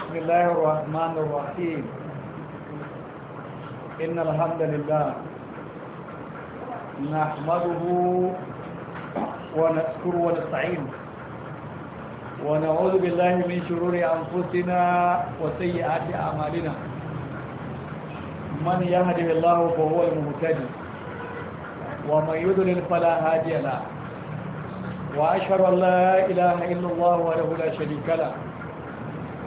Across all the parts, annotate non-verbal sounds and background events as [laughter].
بسم الله الرحمن الرحيم إن الحمد لله نحمده ونذكر ونستعين ونعوذ بالله من شرور أنفسنا وسيئات أعمالنا من يهدي الله فهو المهتدي ومن يضلل فلا هادي له وأشهد أن لا إله إلا الله وله لا شريك له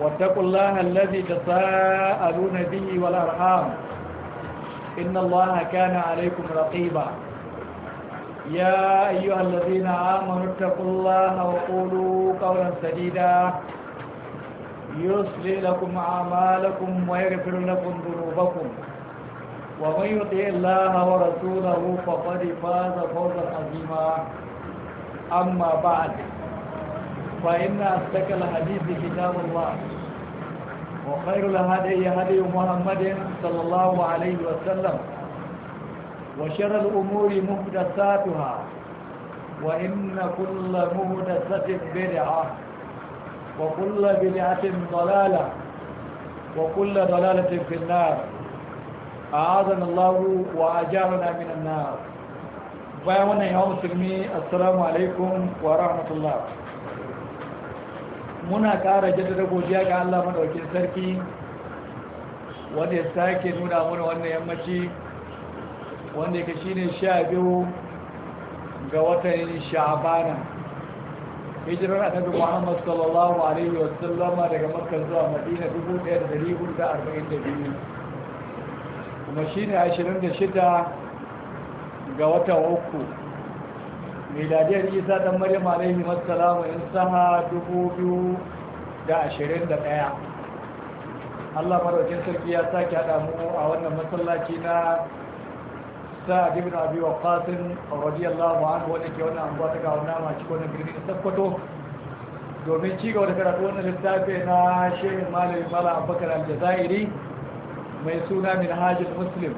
واتقوا الله الذي تساءلون به والأرحام إن الله كان عليكم رقيبا يا أيها الذين آمنوا اتقوا الله وقولوا قولا سديدا يصلي لكم أعمالكم ويغفر لكم ذنوبكم ومن يطيع الله ورسوله فقد فاز فوزا عظيما أما بعد فإن أصدق الحديث كتاب الله وخير الهدي هدي محمد صلى الله عليه وسلم وشر الأمور محدثاتها وإن كل مهدسة بدعة وكل بدعة ضلالة وكل ضلالة في النار أعاذنا الله وأجارنا من النار فأنا يوم مسلمي السلام عليكم ورحمة الله muna ƙara jaddada godiya ga Allah madaukin sarki wanda ya sake nuna mana wannan yammaci wanda ne sha biyu ga watan Sha'ban hijirar annabi Muhammad sallallahu alaihi wa sallama, daga makar zuwa Madina 1442 kuma shi da 26 ga watan uku miladiyar isa dan maryam alaihi wassalamu in saha 2021 Allah maraukin sarki ya sake hada mu a wannan masallaci na sa'ad ibn abi waqqas radiyallahu anhu wanda ke wannan anguwa ta gawo nama ci wannan birnin sakkwato domin ci gaba da karatu wannan littafi na shehin malami mala abubakar Al-Jazairi mai suna minhajul muslim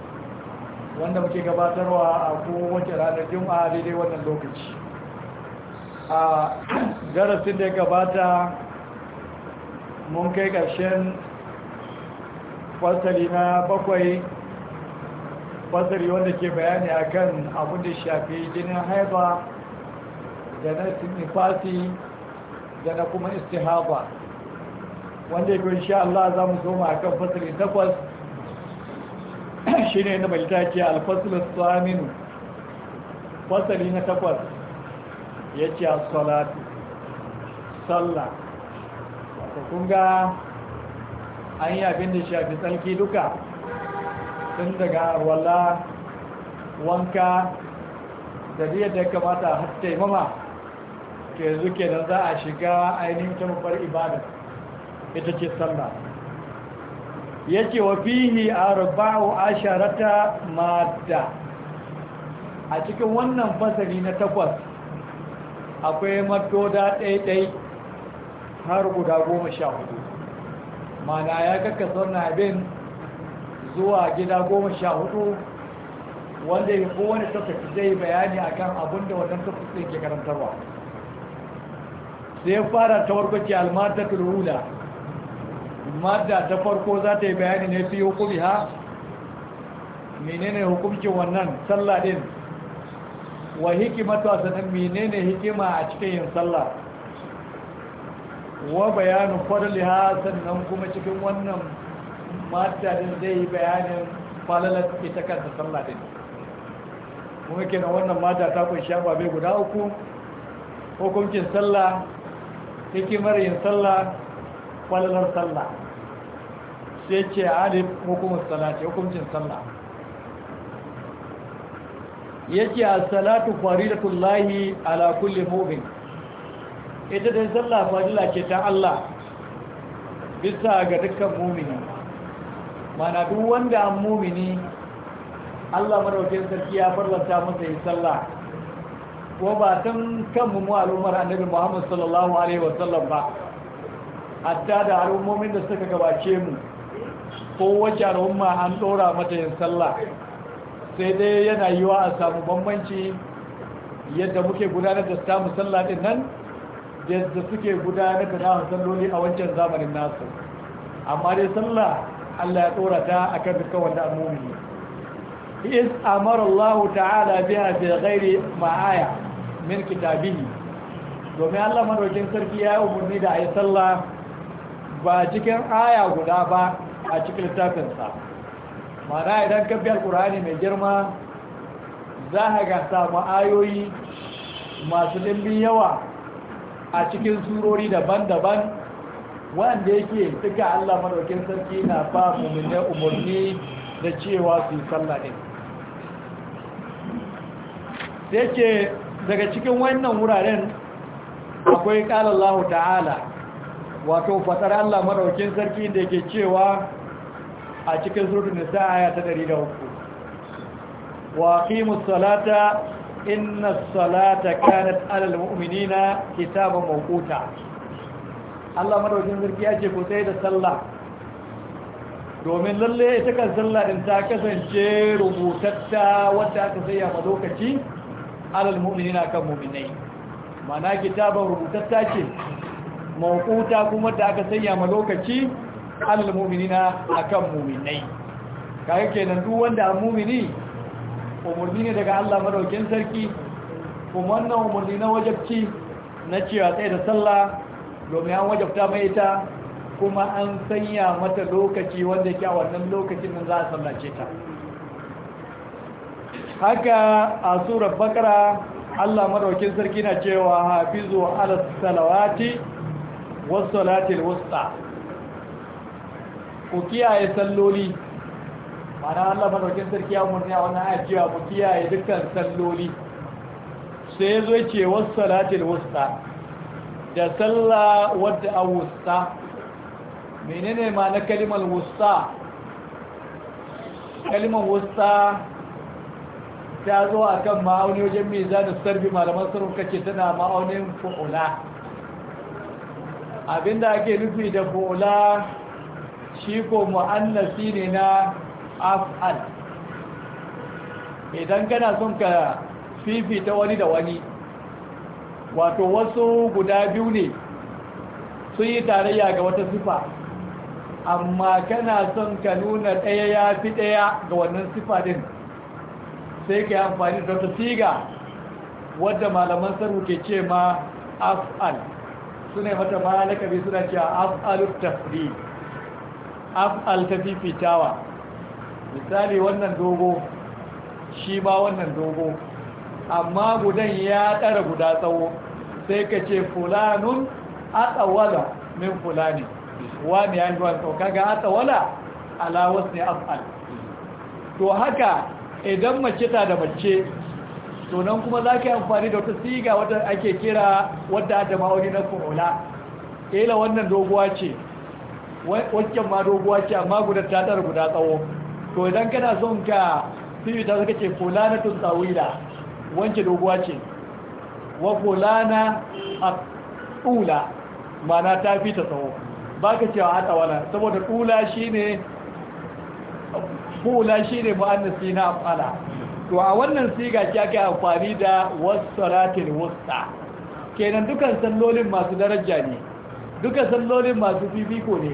wanda muke gabatarwa a kowace ranar juma'a daidai wannan lokaci a darasin da ya gabata mun kai ƙarshen fasali na bakwai fasali wanda ke bayani akan abin da shafi jinin haifa da na nifasi da na kuma istihaba wanda ya kun sha Allah za mu zoma akan fasali takwas [coughs] shi ne na mai take saminu fasali na takwas ya ce a salatu sallah wata kunga an yi abin da shafi tsarki duka tun daga wala wanka da biyar da ya kamata hatta mama ke zuke da za a shiga ainihin ta mafar ibada ita ce sallah yake ce wa fihi arba'u asharata madda a cikin wannan fasari na takwas akwai maddoda ɗaiɗai har guda goma sha hudu mana ya kakka wannan abin zuwa gida goma sha hudu wanda ya kowane tafafi zai bayani akan abin da wannan tafafi ke karantarwa sai fara ta warkwace almatar hula madda ta farko za ta yi bayani ne fi hukumi ha menene hukumcin wannan sallah din wa ta sanan menene hikima a cikin yin sallah wa bayanin ha sannan kuma cikin wannan madda din zai yi bayanin falalar ita kanta sallah din kuma kenan wannan mata ta kunshi ababe guda uku hukuncin sallah hikimar yin sallah falalar sallah sai ce alif hukumar salati hukuncin sallah yake as-salatu faridatullahi ala kulli mu'min ita dai sallah fadila ce ta Allah bisa ga dukkan mu'mini mana duk wanda an mu'mini Allah madaukakin sarki ya farlanta masa yin sallah ko ba tun kan mu al'ummar annabi Muhammad sallallahu alaihi wasallam ba hatta da al'ummomin da suka gabace mu kowace al'umma an ɗora mata yin sallah sai dai yana yiwa a samu bambanci yadda muke gudanar da samun sallah ɗin nan yadda suke gudanar da samun salloli a wancan zamanin nasu amma dai sallah Allah ya ɗora ta a kan duka wanda amumi is amara Allah ta'ala biya da ghairi ma'aya min kitabihi domin Allah madaukin sarki ya yi umarni da ayi sallah ba cikin aya guda ba a cikin littafinsa mana idan ka bi alkur'ani mai girma za a ga samu ayoyi masu limbin yawa a cikin surori daban-daban wanda yake suka Allah maɗaukin sarki na ba mummunan umarni da cewa su yi sallah sai ce daga cikin wannan wuraren akwai ƙalallahu ta'ala wato fatar Allah madaukin sarki da ke cewa a cikin surutun nisa aya ta 103 wa qimus salata inna salata kanat alal mu'minina kitaban mawquta Allah madaukin sarki ya ce ku sai da sallah domin lalle ita kan sallah din ta kasance rubutatta wanda aka saya ma lokaci alal mu'minina kan mu'minai mana kitaban rubutatta ce mawukuta kuma da aka sanya ma lokaci alal mu'minina akan mu'minai kaga kenan duk wanda mu'mini umarni ne daga Allah madaukin sarki kuma wannan umurni na wajabci na cewa tsaye da sallah domin an wajabta mai ita kuma an sanya mata lokaci wanda ke a wannan lokacin nan za a sallace ta haka a surar bakara Allah madaukin sarki na cewa hafizu ala salawati wasalatil wusta ku kiyaye salloli mana Allah madaukin sarki ya murni a wannan ajiya ku kiyaye dukkan salloli sai ya zo ce wasalatil wusta da salla wadda a wusta menene ma na kalimar wusta kalimar wusta ta zo a kan ma'auni wajen mai zanen sarfi malaman sarrafa ce tana ma'aunin fu'ula abinda ake nufi da bola shi ko mu'annasi ne na af'al idan kana son ka fifita wani da wani wato wasu guda biyu ne sun yi tarayya ga wata sifa amma kana son ka nuna ɗaya ya fi ɗaya ga wannan sifa din sai ka yi amfani da wata siga wadda malaman sarru ke ce ma af'al suna mata ma bi suna cewa af'alu tafri af'al ta fifitawa misali wannan dogo shi ba wannan dogo amma gudan ya ɗara guda tsawo sai ka ce fulanun atsawala min fulani ne ya yi wani tsawo kaga atsawala alawas ne af'al to haka idan mace ta da mace to nan kuma za ka yi amfani da wata siga wadda ake kira wadda da ma'auni na furola ila wannan doguwa ce wancan ma doguwa ce amma guda ta tsar guda tsawo to idan kana son ka fiye ta suka ce na tun tsawila wance doguwa ce wa na a ma mana ta fi ta tsawo ba ka cewa a tsawana saboda tula shi ne shi ne na afala to a wannan siga ce aka amfani da wassalatil wusta kenan dukan sallolin masu daraja ne duka sallolin masu fifiko ne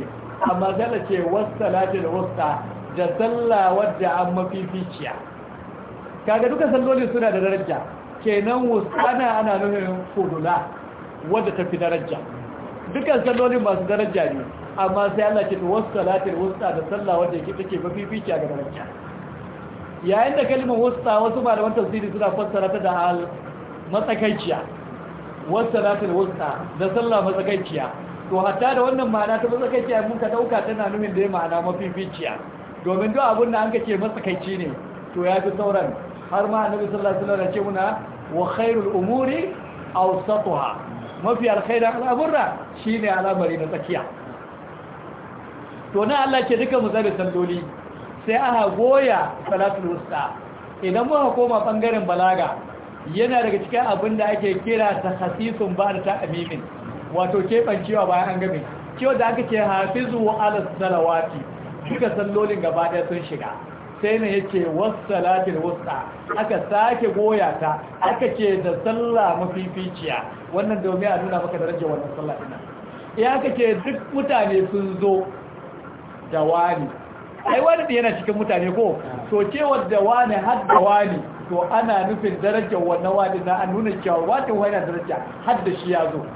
amma zala ce wassalatil wusta da sallah wadda an mafificiya kaga duka sallolin suna da daraja kenan wustana ana nufin fudula wadda ta fi daraja dukan sallolin masu daraja ne amma sai Allah ce salatin wasu da sallah wadda take mafificiya ga daraja yayin da kalmar wasta wasu malaman tafsiri suna fassara ta da al matsakaiciya ta wasta da sallah matsakaiciya to hatta da wannan ma'ana ta matsakaiciya mun ka dauka tana nufin da ya ma'ana mafificiya domin duk abin da an kace matsakaici ne to ya fi sauran har ma annabi sallallahu alaihi wasallam ya ce muna wa khairul umuri awsatuha mafi alkhairin al'amura shine al'amari na tsakiya to na Allah ke duka mu zabe sandoli. sai aka goya salatul wusta idan muka koma bangaren balaga yana daga cikin abin da ake kira takhasisun ba'da ta'mimin wato kebancewa bayan an game cewa da aka ce hafizu ala salawati duka sallolin gaba daya sun shiga sai ne yake wassalatul wusta aka sake goya ta aka ce da sallah mafificiya wannan domin a nuna maka darajar wannan sallah ina ya aka ce duk mutane sun zo da wani ai wani da yana cikin mutane ko to cewar da wani har da wani to ana nufin darajar wannan wani na an nuna cewa wata wani daraja har da shi ya zo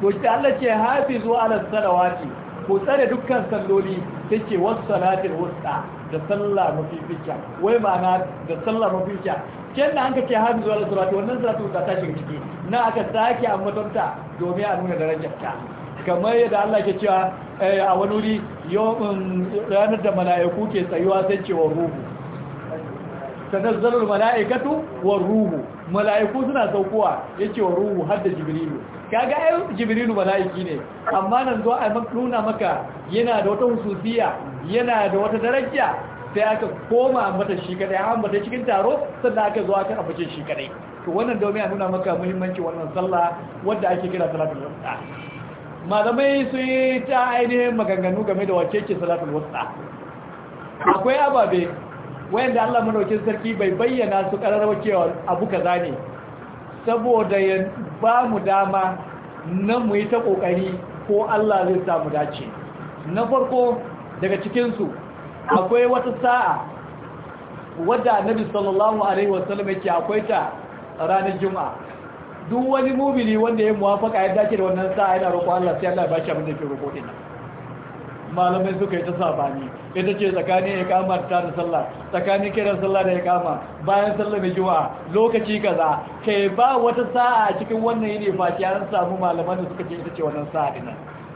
to shi Allah ce hafizu ala salawati ko tsare dukkan salloli take wasu salatin wusta da sallah mafifica wai ma'ana da sallah mafifica kyan da hanka ce hafizu ala salawati wannan salatu ta tashi ciki na aka sake ambatonta domin a nuna darajar ta kamar yadda Allah ke cewa Eh, a wani wuri um, ranar da mala'iku ke tsayuwa sai ce wa ruhu tanazzalar mala'ikatu wa ruhu mala'iku suna saukowa ya ce wa ruhu har da jibrilu kaga ai jibrilu mala'iki ne amma nan zuwa a nuna maka yana da wata hususiya yana da wata daraja sai aka koma mata shi kadai an mata cikin taro sannan aka zo aka abuce shi kadai to wannan domin a nuna maka muhimmanci wannan sallah wadda ake kira salatul wusta malamai sun yi ta ainihin maganganu game da wace ke salatul wasta akwai ababe wayanda Allah madaukin sarki bai bayyana su kararwa cewa abu kaza ne saboda ya ba mu dama na mu yi ta kokari ko Allah zai samu dace na farko daga cikin su akwai wata sa'a wadda Annabi sallallahu alaihi wasallam yake akwai ta ranar Juma'a duk wani mubili wanda ya muwafaka ya dace da wannan sa'a yana roƙo Allah sai Allah ya bashi abin da yake roƙo din malamai suka yi ta sabani ita ce tsakanin kama ta da sallah tsakanin kiran sallah da kama bayan sallah mai juma'a lokaci kaza kai ba wata sa'a cikin wannan yini ba an samu malaman da suka ce ita ce wannan sa'a din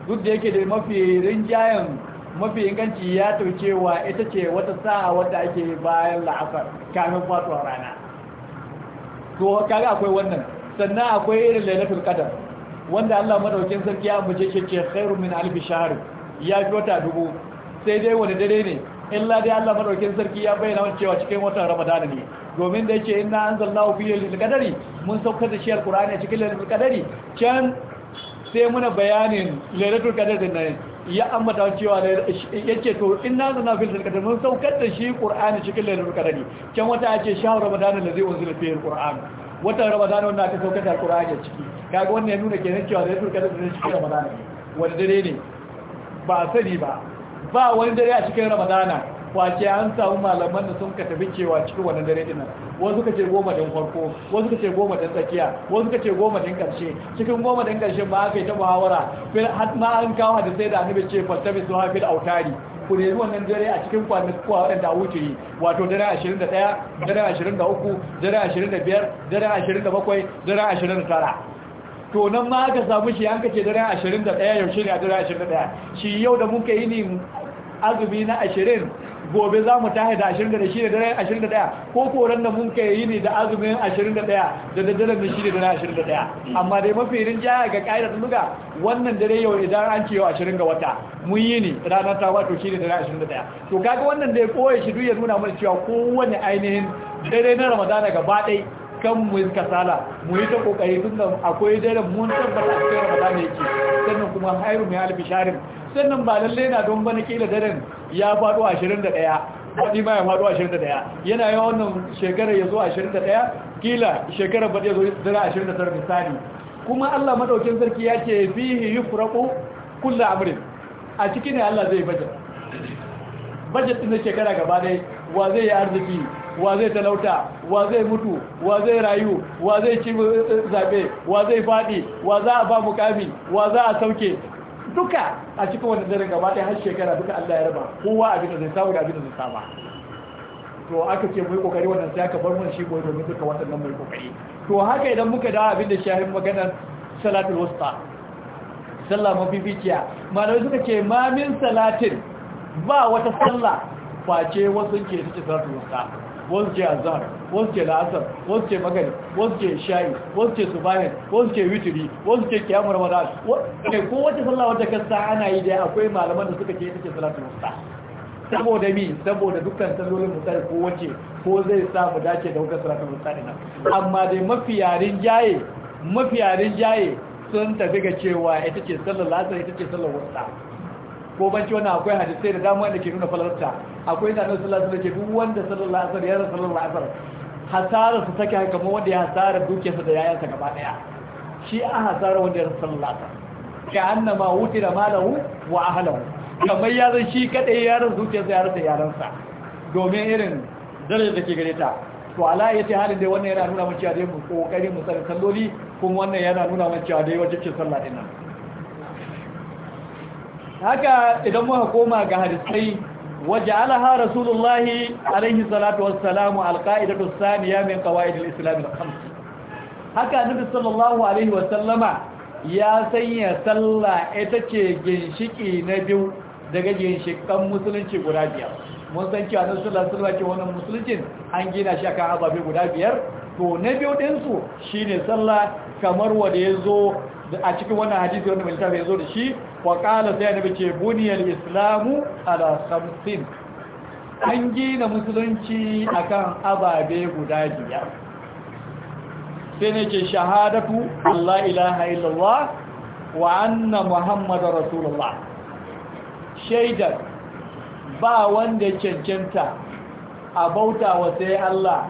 duk da yake da mafi rinjayen mafi inganci ya taucewa ita ce wata sa'a wadda ake bayan la'asar kamin fatuwa rana to kaga akwai wannan sannan akwai irin lailatul qadar wanda Allah madaukin sarki ya buje shi ce khairu min alfi shahr ya fi wata dubu sai dai wani dare ne illa dai Allah madaukin sarki ya bayyana mana cewa cikin watan Ramadana ne domin da yake inna anzalallahu fi lailatul qadari mun saukar da shi alqur'ani cikin lailatul qadari can sai muna bayanin lailatul qadar din nan ya ambata cewa yace to inna anzalnahu fi lailatul qadar mun saukar da shi qur'ani cikin lailatul qadari can wata yace shahru ramadana allazi unzila fi alqur'an watan ramadana wanda aka saukar da alkur'ani a ciki kaga wannan ya nuna kenan cewa da ya turka da zai ramadana wani dare ne ba a sani ba ba wani dare a cikin ramadana kwace an samu malaman da sun ka tafi cewa cikin wannan dare dinan wasu ka ce goma din farko wasu ka ce goma din tsakiya wasu ka ce goma din karshe cikin goma din karshe ba aka yi ta muhawara har ma an kawo hadisai da annabi ce fattabi su da autari ku nemi wannan dare a cikin kwanuka waɗanda a wuce yi wato dare 21 dare 23 dare 25 dare 27 dare 29 to nan ma aka samu shi an kace dare 21 yaushe ne a dare 21 shi yau da muka yi ne azumi na gobe za mu tahi da 26 da daren 21 ko koran da mun kai yi ne da azumin 21 da da daren 6 da daren 21 amma dai mafi jaya ga ƙa'idar luga wannan dare yau idan an ce yau 20 ga wata mun yi ne ranar ta wato shi ne daren 21 to kaga wannan dai ya koya shi duk ya nuna mana cewa kowane ainihin dare na ramadana gaba ɗaya kan mu yi kasala mu yi ta kokari tun da akwai daren mun tabbata a cikin ramadan ke sannan kuma hairu mai alfi sharin sannan ba lalle na don bana kila daren ya faɗo 21 wani ma ya faɗo 21 yana yawan wannan shekarar ya zo 21 kila shekarar ba ya zo dara 29 misali kuma Allah madaukin sarki ya ce fihi yufraqu kullu amrin a cikin ne Allah zai bajet bajet din shekara gaba dai wa zai yi arziki wa zai talauta wa zai mutu wa zai rayu wa zai ci eh, eh, zabe wa zai fadi wa za a ba mukami wa za a sauke duka a cikin wannan daren gaba ɗaya har shekara duka Allah ya raba kowa abin da zai samu da abin da zai saba to aka ce mu yi kokari wannan sai aka bar mun shi koyi domin duka waɗannan mu yi kokari to haka idan muka dawo abin da shahin magana salatul wasta sallah bibiya malamai suka ce ma min salatin ba wata sallah face wasu ke suke salatul wasta wasu ce azhar wasu ce la'asar wasu ce magani wasu ce shayi wasu ce subahin wasu ce witiri wasu ce kiyamar ramadan kai ko wace sallah wadda kasta ana yi da akwai malaman da suka ce ita ce salatul wusta saboda mi saboda dukkan sallolin musali ko wace ko zai sa mu dace da wutar salatul wusta din amma dai mafi yarin jaye mafi yarin jaye sun tafi ga cewa ita ce sallar la'asar ita ce sallar wusta ko banci wannan akwai hadisai da dama da ke nuna falarta akwai da annabi sallallahu alaihi wasallam ke duk wanda sallallahu alaihi wasallam ya rasa sallallahu alaihi wasallam hasara su take haka kuma wanda ya hasara dukiyarsa da yayansa gaba daya shi a hasara wanda ya sallallahu alaihi wasallam ka annama da malahu wa ahlihi kamar ya zan shi kadai ya rasa dukiyarsa ya rasa yaransa domin irin dare da ke gare ta to ala ya ce halin dai wannan yana nuna mun cewa dai mu kokari mu sarkan doli kuma wannan yana nuna mun cewa dai wajibcin sallah din nan haka idan muka koma ga hadisai waja'alaha rasulullahi alayhi salatu wassalamu alqa'idatu thaniya min qawaid al-islam al-khams haka annabi sallallahu alaihi wasallama ya sanya sallah ita ce ginshiki na biyu daga ginshikan musulunci guda biyar mun san cewa annabi sallallahu alaihi wasallam wannan musuluncin an gina shi akan ababe guda biyar to na biyu din su shine sallah kamar wanda yazo a cikin wannan hadisi wanda mai littafi ya zo da shi wa qala sai annabi ce buniyal islamu ala khamsin an gina musulunci akan ababe guda biyar sai ne ce shahadatu Allah ilaha illallah wa anna muhammadar rasulullah shaidar ba wanda cancanta a bauta wa sai Allah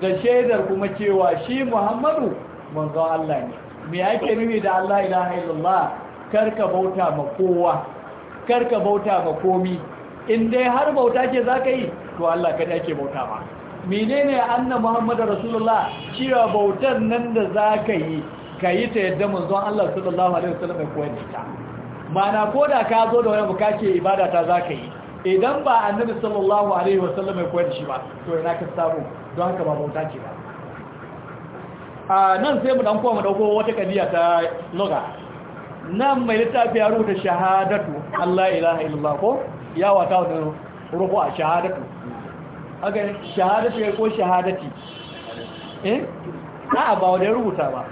da shaidar kuma cewa shi muhammadu manzo Allah ne me yake nufi da Allah ilaha illallah karka bauta ma kowa karka bauta ma komi in dai har bauta ce zaka yi to Allah kada yake bauta ma menene annabi Muhammad rasulullah cewa bautar nan da zaka yi kayi ta yadda manzon Allah sallallahu alaihi wasallam ya koyar da ta? mana koda ka zo da wani bukace ibada ta zaka yi idan ba annabi sallallahu alaihi wasallam ya koyar da shi ba to ina ka samu don haka ba bauta ce ba a nan sai mu dan koma dauko wata kadiya ta loga. nan mai littafi ya rubuta shahadatu Allah ilaha illallah ko ya wata wannan ruku a shahadatu aga shahadatu ko shahadati eh a'a ba wa da rubuta ba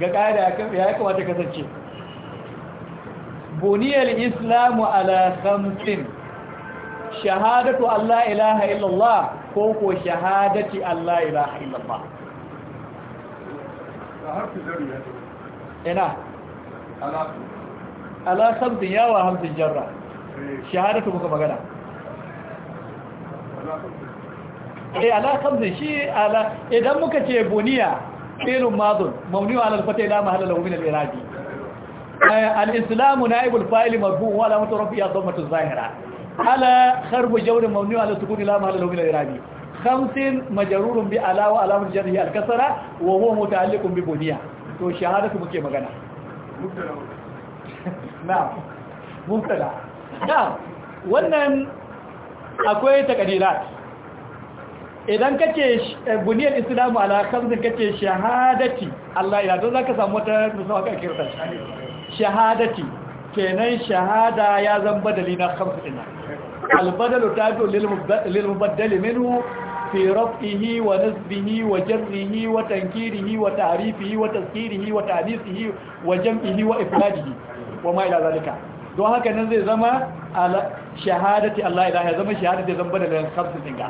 ga kaida ya kamata kasance buniyar Islam ala khamsin shahadatu Allah ilaha illallah ko ko shahadati Allah ilaha illallah ina ala samsin yawa hamsin jarra eh. shahadatu muka magana eh ala samsin shi ala idan muka ce buniya filin mazun mauni eh, wa alalfata ila mahalar laumin al'irabi al'islamu na ibul fa'ili marbu wa alamatu rafi ya zahira ala harbu jaurin mauni wa alasukuni ila mahalar laumin al'irabi khamsin majarurun bi ala wa alamul jarhi al kasra wa huwa muta'alliqun bi buniya to shahadatu muke magana [laughs] na'am mubtada na'am wannan akwai takadirat idan kace eh, buniyar islamu ala khamsin kace shahadati Allah ya don zaka samu wata musawa ka kirta shahadati kenan shahada ya zan badali na khamsin albadalu tabi'u lil mubaddali minhu في رفعه ونسبه وجره وتنكيره وتعريفه وتذكيره وتعنيفه وجمعه وإفراده وما إلى ذلك don haka nan zai zama shahadati Allah ya zama shahadati zamba da lan khamsu dinga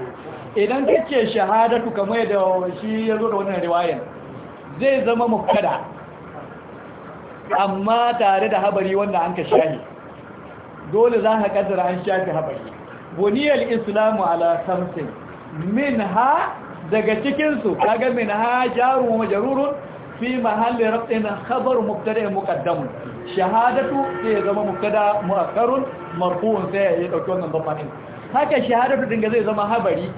idan kace shahadatu kamar da shi yazo da wannan riwayan zai zama mubtada amma tare da habari wanda an ka shahi dole za ka kaddara an shafi habari buniyal islamu ala minha daga cikinsu kaga minha jaru wa majrurun fi mahalli rafin khabar mubtada muqaddam shahadatu sai zama mubtada muakkarun marfu'un sai ya dauki wannan dhamma din haka shahadatu din zai zama habari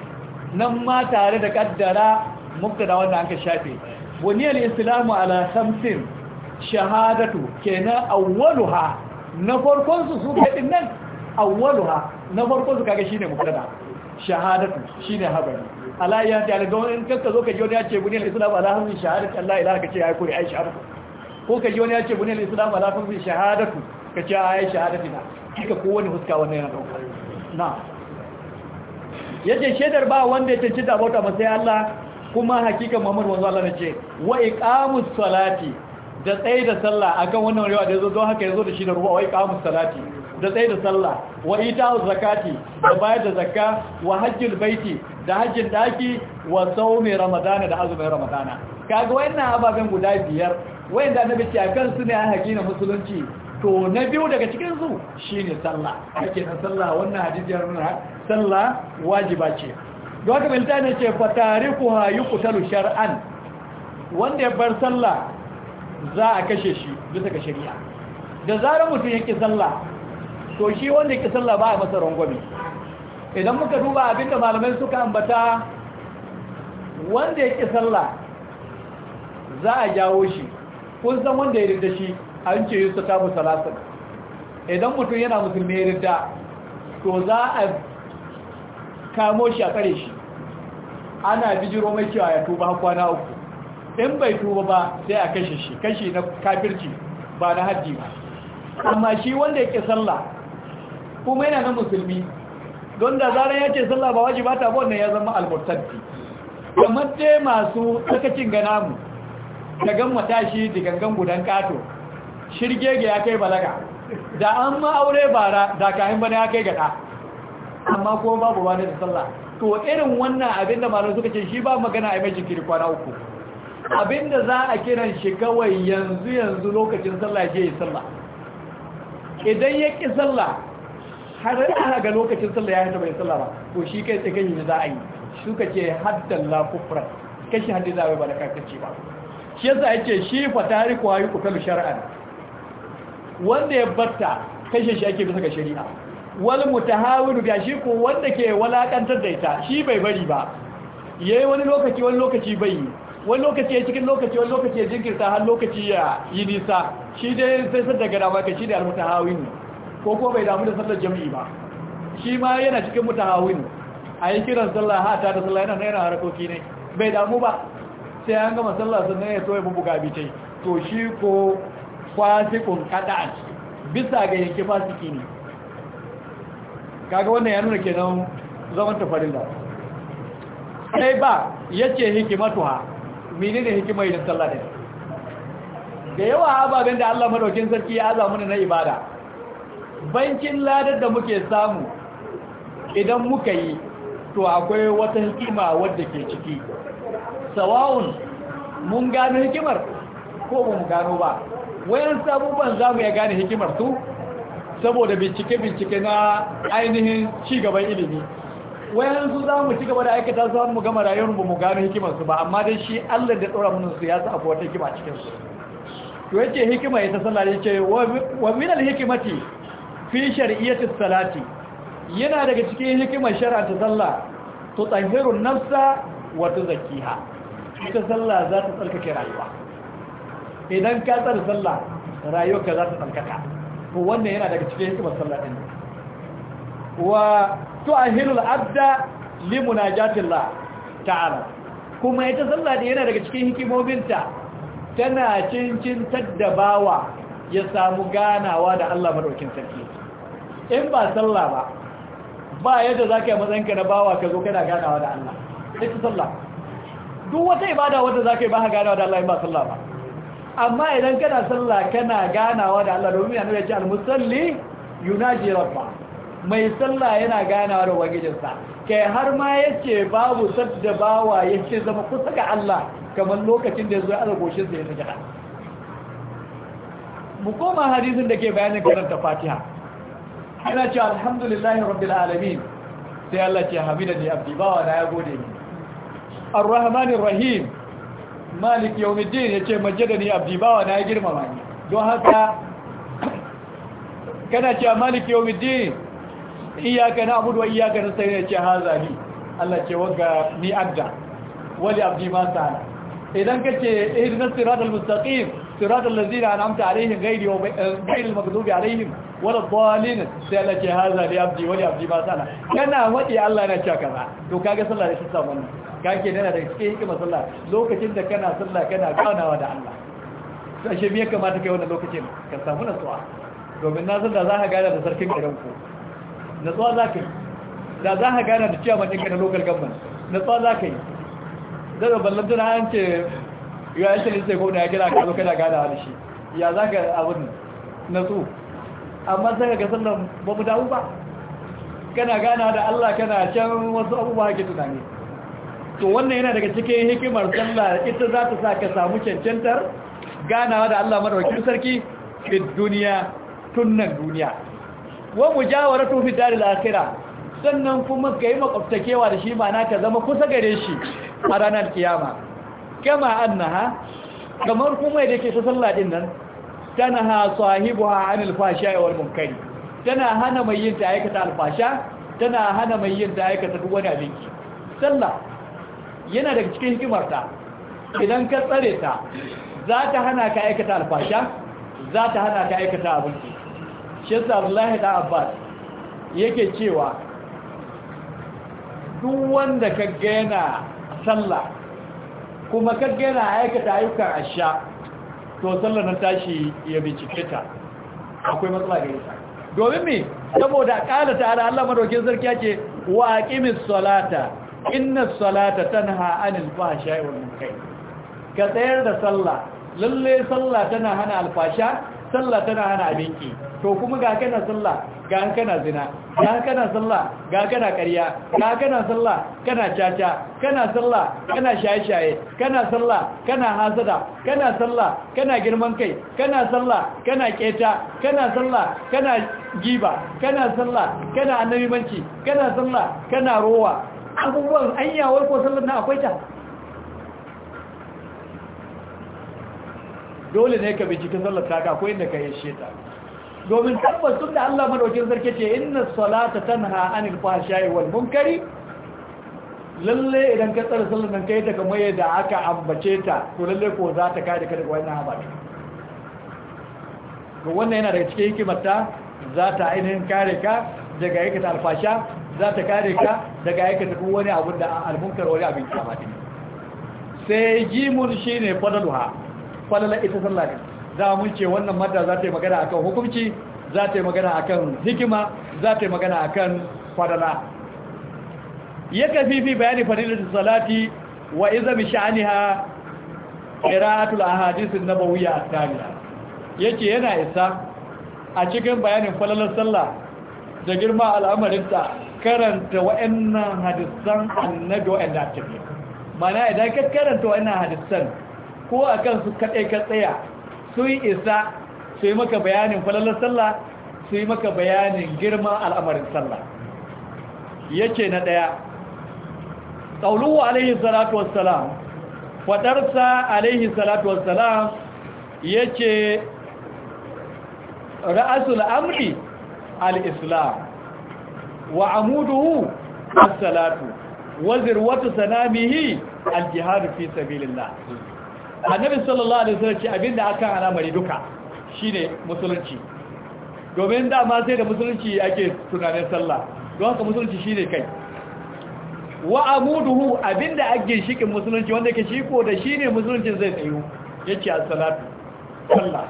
nan ma tare da kaddara mubtada wanda aka shafe wani al-islamu ala khamsin shahadatu kenan awwaluha na farkon su su kai din nan awwaluha na farkon su kaga shine mubtada shahadatu shine habari ala ya ta daga wani kanka zo ka ji wani ya ce buniyar islam ala shahadatu Allah ilaha ka ce ai kuri ai shahadatu ko ka ji wani ya ce buniyar islam ala shahadatu ka ce ai shahadatu na kika ko wani huska wannan yana dauka na yaje shedar ba wanda ya tantance da bauta ba sai Allah kuma hakika Muhammad wanzu Allah nace wa iqamus salati da tsaye da sallah akan wannan rewa da yazo don haka yazo da shi da ruwa wa iqamus salati da tsaye da sallah wa ita'u zakati da bayar da zakka wa hajjul baiti da hajjin daki wa saumi ramadana da azumin ramadana kaga wayannan ababen guda biyar wayanda annabi ce akan su ne a hakina musulunci to na biyu daga cikin su shine sallah ake na sallah wannan hadisi ya nuna sallah wajiba ce don haka ne ce fa tarikuha yuqtalu shar'an wanda ya bar sallah za a kashe shi bisa ga shari'a da zarar mutum yake sallah to shi wanda ke sallah ba a masa rangwame idan muka duba abinda malamai suka ambata wanda ya ke sallah za a jawo shi kun san wanda ya rinda shi an ce yi su tamu idan mutum yana musulmi ya rinda to za a kamo shi a kare shi ana bijiro mai cewa ya tuba kwana uku in bai tuba ba sai a kashe shi kashi na kafirci ba na haddi ba amma shi wanda ke sallah kuma yana na musulmi don da zarar ya ce sallah ba wajiba ta ba ya zama almurtaddi kamar dai masu sakacin gana mu da gan matashi da gangan gudan kato shirge ga ya kai balaga da an ma aure bara da kahin bana ya kai gada amma kuma babu wani da sallah to irin wannan abin da malar suka ce shi ba magana a imajin kiri kwana uku abin da za a kiran shi kawai yanzu yanzu lokacin sallah je yi sallah idan ya ƙi sallah har aka ga lokacin sallah ya hita bai sallah ba to shi kai sai kan yi za a yi suka ce haddan la kufra kashi haddi za ba da kafirci ba shi yasa yake shi fa tariku yuku kal shar'an wanda ya batta kashe shi ake bisa ga shari'a wal mutahawilu ga shi ko wanda ke walakantar da ita shi bai bari ba yayi wani lokaci wani lokaci bai wani lokaci ya cikin lokaci wani lokaci ya jinkirta har lokaci ya yi nisa shi dai sai sai daga dama ka shi da al mutahawilu ko ko bai damu da sallar jami'i ba shi ma yana cikin mutahawin a yi kiran sallah ha ta da sallah yana naira harkoki ne bai damu ba sai an gama sallah sannan ya so babu gabi ce to shi ko fasikun a bisa ga yanke fasiki ne kaga wannan ya nuna kenan zaman tafarin da sai ba yace hikimatuha menene hikimar yin sallah da da yawa ababen da Allah madaukin sarki ya azamuna na ibada bankin ladar da muke samu idan muka yi to akwai wata hikima wadda ke ciki Sawawun, mun gano hikimar ko ba gano ba wayan sabubban za mu ya gane hikimar su saboda bincike-bincike na ainihin ci cigaban ilimi wayan su za mu cigaba da aikata su mu gama rayuwar mu mu gano hikimar su ba amma dai shi allah da tsora mun su ya sa akwai wata hikima cikin su to yace hikima ita sallah ce, wa min hikimati fi shar'iyyatis salati yana daga cikin hikimar shar'atu ta sallah tutahhiru nafsa wa tuzakkiha ita sallah za ta tsarkake rayuwa idan ka tsara sallah rayuwarka za ta tsarkaka to wannan yana daga cikin hikimar sallah din wa tu'ahhiru al-abda li munajatillah ta'ala kuma ita sallah din yana daga cikin hikimominta tana cincin tadda bawa ya samu ganawa da Allah madaukin sarki in ba sallah ba ba yadda zaka yi matsayinka na bawa ka zo kana ganawa da Allah ita sallah duk wata ibada wanda zaka yi ba ka ganawa da Allah in ba sallah ba amma idan kana sallah kana ganawa da Allah domin yana yace al-musalli yunaji rabba mai sallah yana ganawa da ubangijinsa kai har ma yace babu sadda bawa yace zama kusa ga Allah kamar lokacin da yazo ya arzabo ya zai sujada مقوم حديث عندك بيان قرأت فاتحة حينا شاء الحمد لله رب العالمين سيال الله شاء حميدة أبدباء ونأقوده الرحمن الرحيم مالك يوم الدين يشاء مجدني أبدباء ونأقر مواني دو حتى كنا شاء مالك يوم الدين إياك نعبد وإياك نستغير شاء هذا لي الله شاء وقع نأقدا ولأبدباء سعنا إذن كتش إذن الصراط المستقيم صراط الذين أنعمت عليهم غير غير المغضوب عليهم ولا الضالين سألك هذا لأبدي ولأبدي ما سأنا كان وإي الله نشاء كذا تو كاك صلى الله عليه وسلم كاك نانا تكسكي كما صلى لوكتين دا كان صلى كان كان ودع الله ashe me ya kamata kai wannan lokacin ka samu natsuwa domin na san da za ka gana da sarkin garin ku natsuwa za ka yi da za ka gana da ya yi shirin sai gwamna ya kira ka zo da gada da shi ya za ka abin na so amma sai ka da ba mu dawo ba kana gana da Allah kana can wasu abubuwa ke tunani to wannan yana daga cikin hikimar sallah ita za ta sa ka samu cancantar ganawa da Allah madaukakin sarki fi duniya tunnan duniya wa mujawaratu fi daril akhira sannan kuma kai makwabtakewa da shi na ka zama kusa gare shi a ranar kiyama kama annaha kamar kuma da ke ta sallah din nan tana ha sahibuha anil fasha, wal munkari tana hana mai yin ta aikata alfasha tana hana mai yin ta aikata duk wani abin sallah yana daga cikin hikimarta idan ka tsare ta za ta hana ka aikata alfasha za ta hana ka aikata abinci shi yasa Abdullahi da Abbas yake cewa duk wanda ka ga yana sallah kuma kagge na aikata ayyukan asha to sallar nan tashi ya bincike ta akwai matsala ga ita domin me saboda kala ta Allah madaukin sarki yake wa aqimis salata inna salata tanha anil fahsha'i wal munkar ka tsayar da sallah lalle sallah tana hana alfasha sallah tana hana abinki to kuma ga kana sallah ga kana zina ga kana sallah ga kana ƙarya ga kana sallah kana caca kana sallah kana shaye-shaye kana sallah kana hasada kana sallah kana girman kai kana sallah kana keta kana sallah kana giba kana sallah kana annabimanci kana sallah kana rowa abubuwan anya wai ko sallar na akwai ta dole ne ka bincika sallar ta ga akwai inda ka yi ta domin tabbas tun da Allah madaukin sarki ce inna salata tanha anil fahsha'i wal munkari lalle idan ka tsara sallar nan kai daga maye da aka ambace ta to lalle ko za ta kai daga wannan habari ga wannan yana daga cikin hikimar ta za ta ainihin kare ka daga aikata alfasha za ta kare ka daga aikata kuma wani abu da almunkar wani abin kyamata sai gimun shine fadaluha falala ita sallah za mun ce wannan madda za ta yi magana akan hukunci za ta yi magana akan hikima za ta yi magana akan fadala ya kafi fi bayani fadilatu salati wa izami sha'aniha qira'atul ahadith an-nabawiyya at-taliya yake yana isa a cikin bayanin falalar sallah da girma al'amarin ta karanta wa'annan hadisan annabi wa'anda ake mana idan ka karanta wa'annan hadisan ko akan su kadai ka tsaya sun isa su yi maka bayanin falalar sallah su yi maka bayanin girma al'amarin sallah yake na ɗaya ƙauluwa alaihi salatu wassalam faɗarsa alaihi salatu wassalam yake ra'asul amri Al'islam islam wa amuduhu salatu wa zirwatu sanamihi al-jihad fi sabilillah annabi sallallahu alaihi wasallam ce abinda akan alamari duka shine musulunci domin dama sai da musulunci ake tunanin sallah don haka musulunci shine kai wa amuduhu abinda ake shikin musulunci wanda ke shiko da shine musulunci zai tsayu yace as-salatu sallah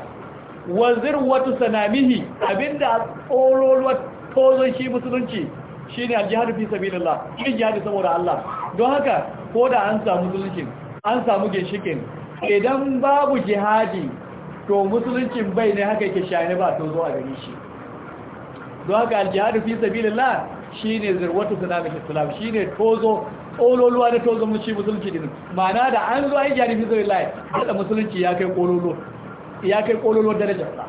wa zirwatu sanamihi abinda tsololuwar tozon shi musulunci shine al-jihad fi sabilillah shi jihad saboda Allah don haka ko da an samu musulunci, an samu ginshikin idan babu jihadi to musuluncin bai ne haka yake shani ba to zuwa gari shi don haka aljihadu fi sabilillah shine zirwatu sunamin islam shine tozo kololuwa da tozo mushi musulunci din ma'ana da an zo an jihadi fi sabilillah da musulunci ya kai kololo ya kai kololo darajar sa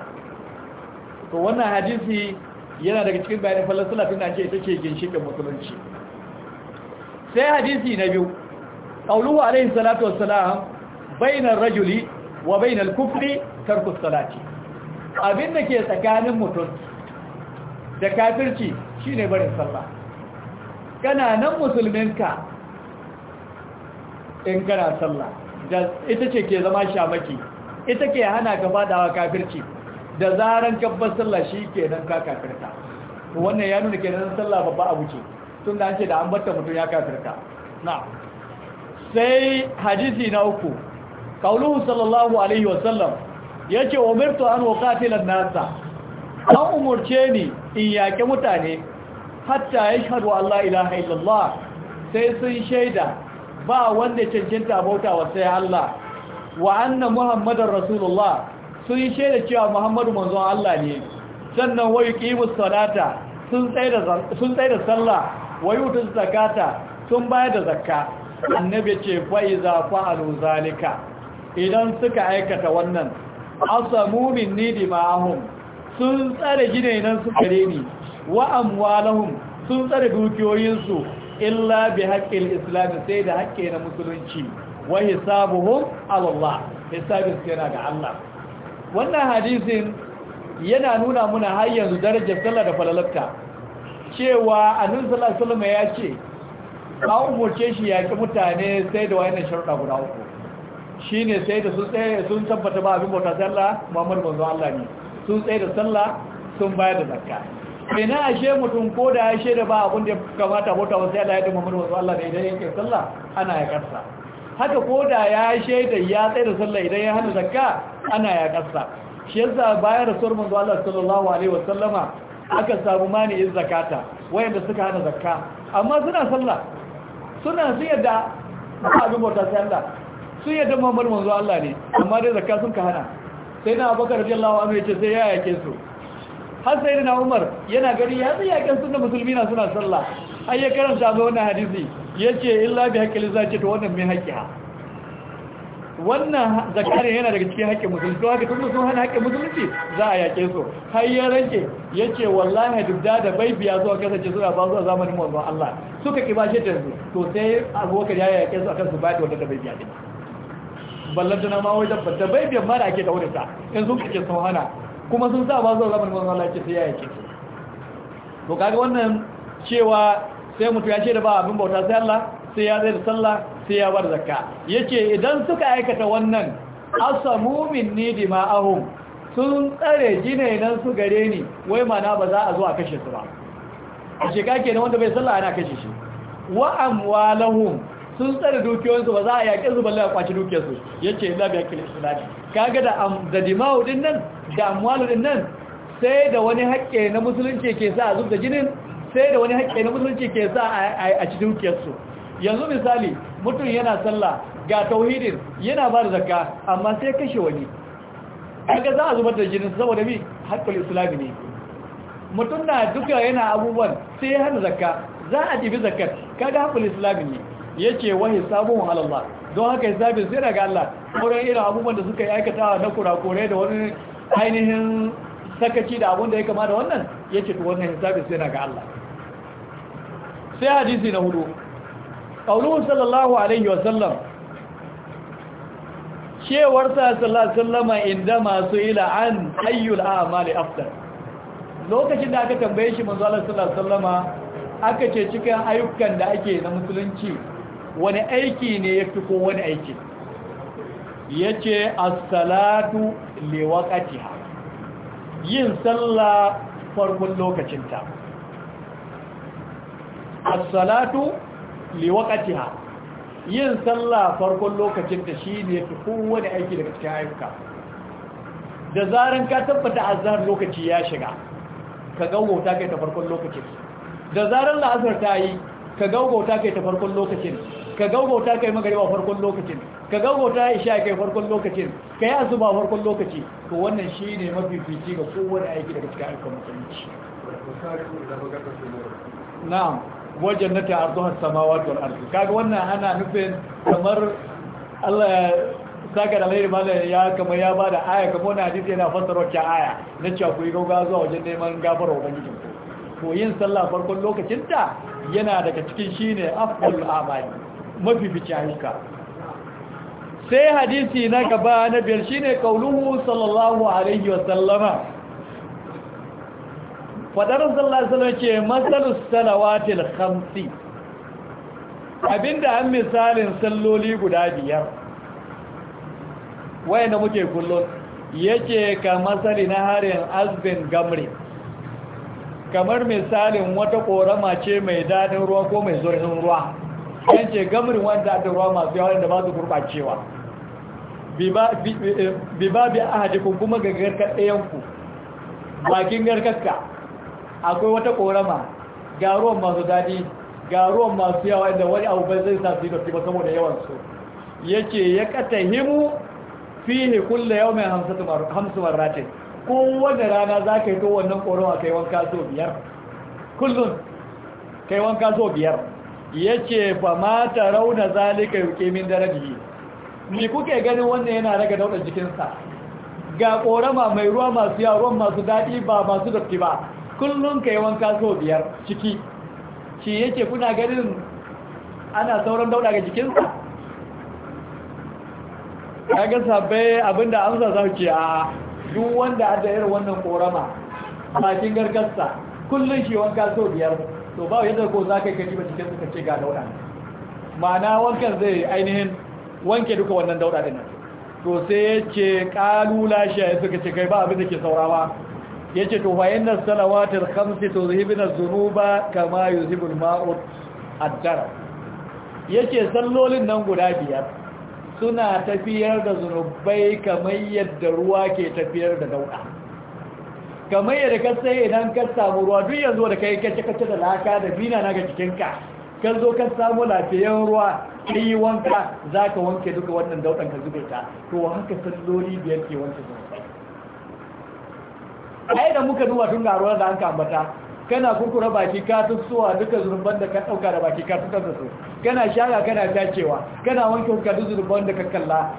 to wannan hadisi yana daga cikin bayanin falsafa tun da ce ita ce ginshikin musulunci sai hadisi na biyu qauluhu alaihi salatu wassalam bainar rajuli wa bainar kufri tarkus salati abin da ke tsakanin mutum da kafirci shine barin sallah Ƙananan musulminka in kana sallah da ita ce ke zama shamaki ita ke hana ka fadawa kafirci da zaran kabbar sallah shi ke nan ka kafirta wannan ya nuna ke nan sallah babba a wuce, tun da an ce da an batta mutum ya kafirta na sai hadisi na uku kauluhu sallallahu alaihi wasallam yace umirtu an uqatila an-nasa an umurce ni in yake mutane hatta yashhadu Allah ilaha illallah sai sun shaida ba wanda cancanta bauta wa sai Allah wa anna muhammadar rasulullah sun shaida cewa muhammadu manzon Allah ne sannan wa yuqimus salata sun sun da sallah wa yutuz zakata sun bayar da zakka annabi ce fa iza fa'alu zalika idan suka aikata wannan asamu minni ma'ahum sun tsare gidanan su gare ni wa amwalahum sun tsare dukiyoyinsu illa bi haqqil islam sai da haƙƙe na musulunci wa hisabuhum ala Allah hisabin su yana ga Allah wannan hadisin yana nuna muna har yanzu darajar sallah da falalafta cewa annabi sallallahu alaihi wasallam ya ce ba ce shi yaki mutane sai da wayannan sharuda guda uku shi ne sai da sun tsaye sun tabbata ba abin bauta sai Allah Muhammadu banzu Allah ne sun tsaye da sallah sun bayar da zakka na ashe mutum ko da ashe da ba abin da ya kamata bauta wasu sai Allah ya da Muhammadu manzo Allah ne idan yake sallah ana ya karsa haka ko da ya ashe da ya tsaye da sallah idan ya hana zakka ana ya karsa shi yasa bayan rasul banzu Allah sallallahu alaihi wasallama aka samu mani mani'in zakata wayanda suka hana zakka amma suna sallah suna siyar da abin bauta sai Allah sun yadda muhammadu manzo Allah ne amma dai zakka sun ka hana sai na abubakar radiyallahu anhu ce sai ya yake su har sai na umar yana gari ya tsaya yakin sunna musulmi na suna sallah an yi karanta mai wannan hadisi ya in illa bi haqqi ce ta wannan mai haƙƙi ha wannan ne yana daga cikin haƙƙin musulmi to haka tunda sun hana haƙƙin musulmi za a yake su har ya rage ce wallahi dubda da bai biya zuwa kasance suna ba zuwa zamanin wanzu Allah suka kibashe ta yanzu to sai abubakar ya yake su akan su ba da wanda bai biya ta da na ma wajen da bai biyan mara ake daure sa in sun kake sun hana kuma sun sa ba zuwa zaman manzo Allah ake sai ya yake to kaga wannan cewa sai mutu ya ce da ba abin bauta sai Allah sai ya zai da sallah sai ya bar zakka yace idan suka aikata wannan asamu minni dima'ahum sun tsare jinainan su gare ni wai mana ba za a zo a kashe su ba a shekake na wanda bai sallah ana kashe shi wa amwalahum sun tsare dukiyoyinsu ba za a yaƙi su balle a kwaci dukiyarsu yace illa bi haqqil islam kaga da am da dima'u din nan da amwalu din nan sai da wani haƙƙe na musulunci ke sa a zub da jinin sai da wani haƙƙe na musulunci ke sa a ci dukiyarsu yanzu misali mutum yana sallah ga tauhidin yana ba da zakka amma sai kashe wani kaga za a zubar da jinin saboda bi haƙƙul islam ne mutum na duka yana abubuwan sai ya hana zakka za a dibi zakkar kaga haƙƙul islam ne yake wahi sabon halallah don haka hisabin sai daga Allah wurin irin abubuwan da suka yi aikata na kurakure da wani ainihin sakaci da abun da ya kama da wannan yake to wannan zabi sai daga Allah sai hadisi na hudu qauluhu sallallahu alaihi wa sallam cewar sa sallallahu alaihi wa sallama inda masu ila an ayyul a'mali afdal lokacin da aka tambaye shi manzo Allah sallallahu alaihi wa sallama aka ce cikin ayyukan da ake na musulunci wani aiki ne ya fi ko wani aiki ya ce assalatu ha yin sallah farkon lokacinta assalatu ha yin sallah farkon lokacinta shi ne ya fi wani aiki daga cikin haifuka. da zarin ka tabbata a zahar lokaci ya shiga ka gaugauta kai ta farkon lokacin da zarar la'azar ta yi ka gaugauta kai ta farkon lokacin ka gaugauta kai magariba farkon lokacin ka gaugauta isha kai farkon lokacin ka yi azuba farkon lokaci ko wannan shi ne mafifici ga kowane aiki daga cikin aikin musulunci Na wajen na ta arzuhar samawa tuwar arzu kaga wannan ana nufin kamar allah ya saka da lairi malar ya kama ya ba da aya kama wani hadisi yana fassara wacce aya na cewa ku yi gauga zuwa wajen neman gafar ubangijin ku ko yin sallah farkon lokacin ta yana daga cikin shine afdal amali mafifici ayyuka sai hadisi na gaba na biyar shine kaunuhu sallallahu alaihi wa sallama fadar sallallahu alaihi wasallama ce masalus salawatil hamsi abinda an misalin salloli guda biyar da muke kullum yake ka matsali na harin asbin gamri kamar misalin wata korama ce mai daɗin ruwa ko mai zurfin ruwa yan ce gamirin wanda da ruwa masu yawa da ba su gurɓacewa bi ba bi eh, a kun kuma ga garkar ɗayanku bakin garkarka akwai wata ƙorama ga ruwan masu daɗi ga ruwan masu yawa da wani abubuwan zai sa su yi ba saboda yawansu ya ce ya kata himu fiye kulle yau mai hamsu marratin kowane rana za ka yi to wannan ƙorama kai wanka zo biyar kullum kai wanka so biyar yace fa ma rauna zalika yuke min darajihi ni kuke ganin wannan yana raga daudar jikinsa ga korama mai ruwa masu yaron masu daɗi ba masu dafti ba kullum ka yi wanka so biyar ciki shi yake kuna ganin ana sauran dauda ga jikinsa kaga sabbai abinda amsa za ce a duk wanda ada irin wannan korama bakin gargarsa kullum shi wanka so biyar to ba yadda ko za ka yi kaji ba cikin suka ce ga dauɗa ma'ana wankan zai ainihin wanke duka wannan dauɗa ɗin to sai ya ce ƙalula shi ya suka ce kai ba abin da ke saurawa ya ce to fa inna salawatul khamsi tuzhibuna dhunuba kama yuzhibul ma'u ad-dar yace sallolin nan guda biyar suna tafiyar da zunubai kamar yadda ruwa ke tafiyar da dauɗa kamar yadda ka sai idan ka samu ruwa duk yanzu da kai ka kace da laka da bina na ga jikinka ka zo ka samu lafiyan ruwa ka yi wanka za ka wanke duka wannan dautan ka zube ta to haka salloli biyar ke wanke zunubai ai da muka duba tun garuwa da an kambata kana kurkura baki ka tutsuwa duka zurban da ka dauka da baki ka tutar su kana shara kana tacewa kana wanke huska duk zurban da ka kalla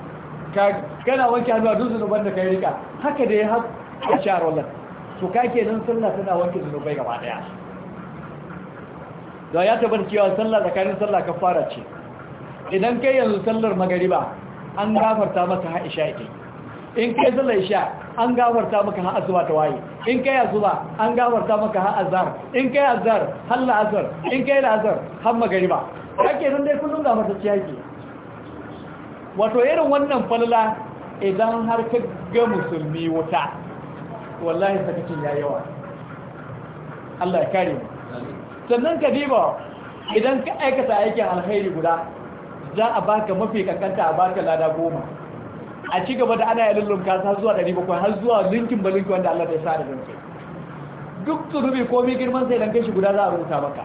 kana wanke hannuwa duk zurban da ka yi rika haka dai har a shara su ka kenan sallah tana wanke zunubai gaba daya da ya tabbata cewa sallah tsakanin sallah kafara ce idan kai yanzu sallar magariba an gafarta maka ha isha ke in kai sallar isha an gafarta maka ha azuba ta waye in kai azuba an gafarta maka ha azhar in kai azhar har la'azhar in kai la'azhar har magariba kake nan dai kullum gafarta ce yake wato irin wannan falala idan har ka ga musulmi wuta wallahi sakacin ya yawa Allah ya kare mu sannan ka diba idan ka aikata aikin alkhairi guda za a baka mafi kankanta a baka lada goma a ci gaba da ana yi lullunka kasa zuwa 700 har zuwa linkin balinki wanda Allah ya sa da zanke duk zunubi komi girman sai dan kashi guda za a rubuta maka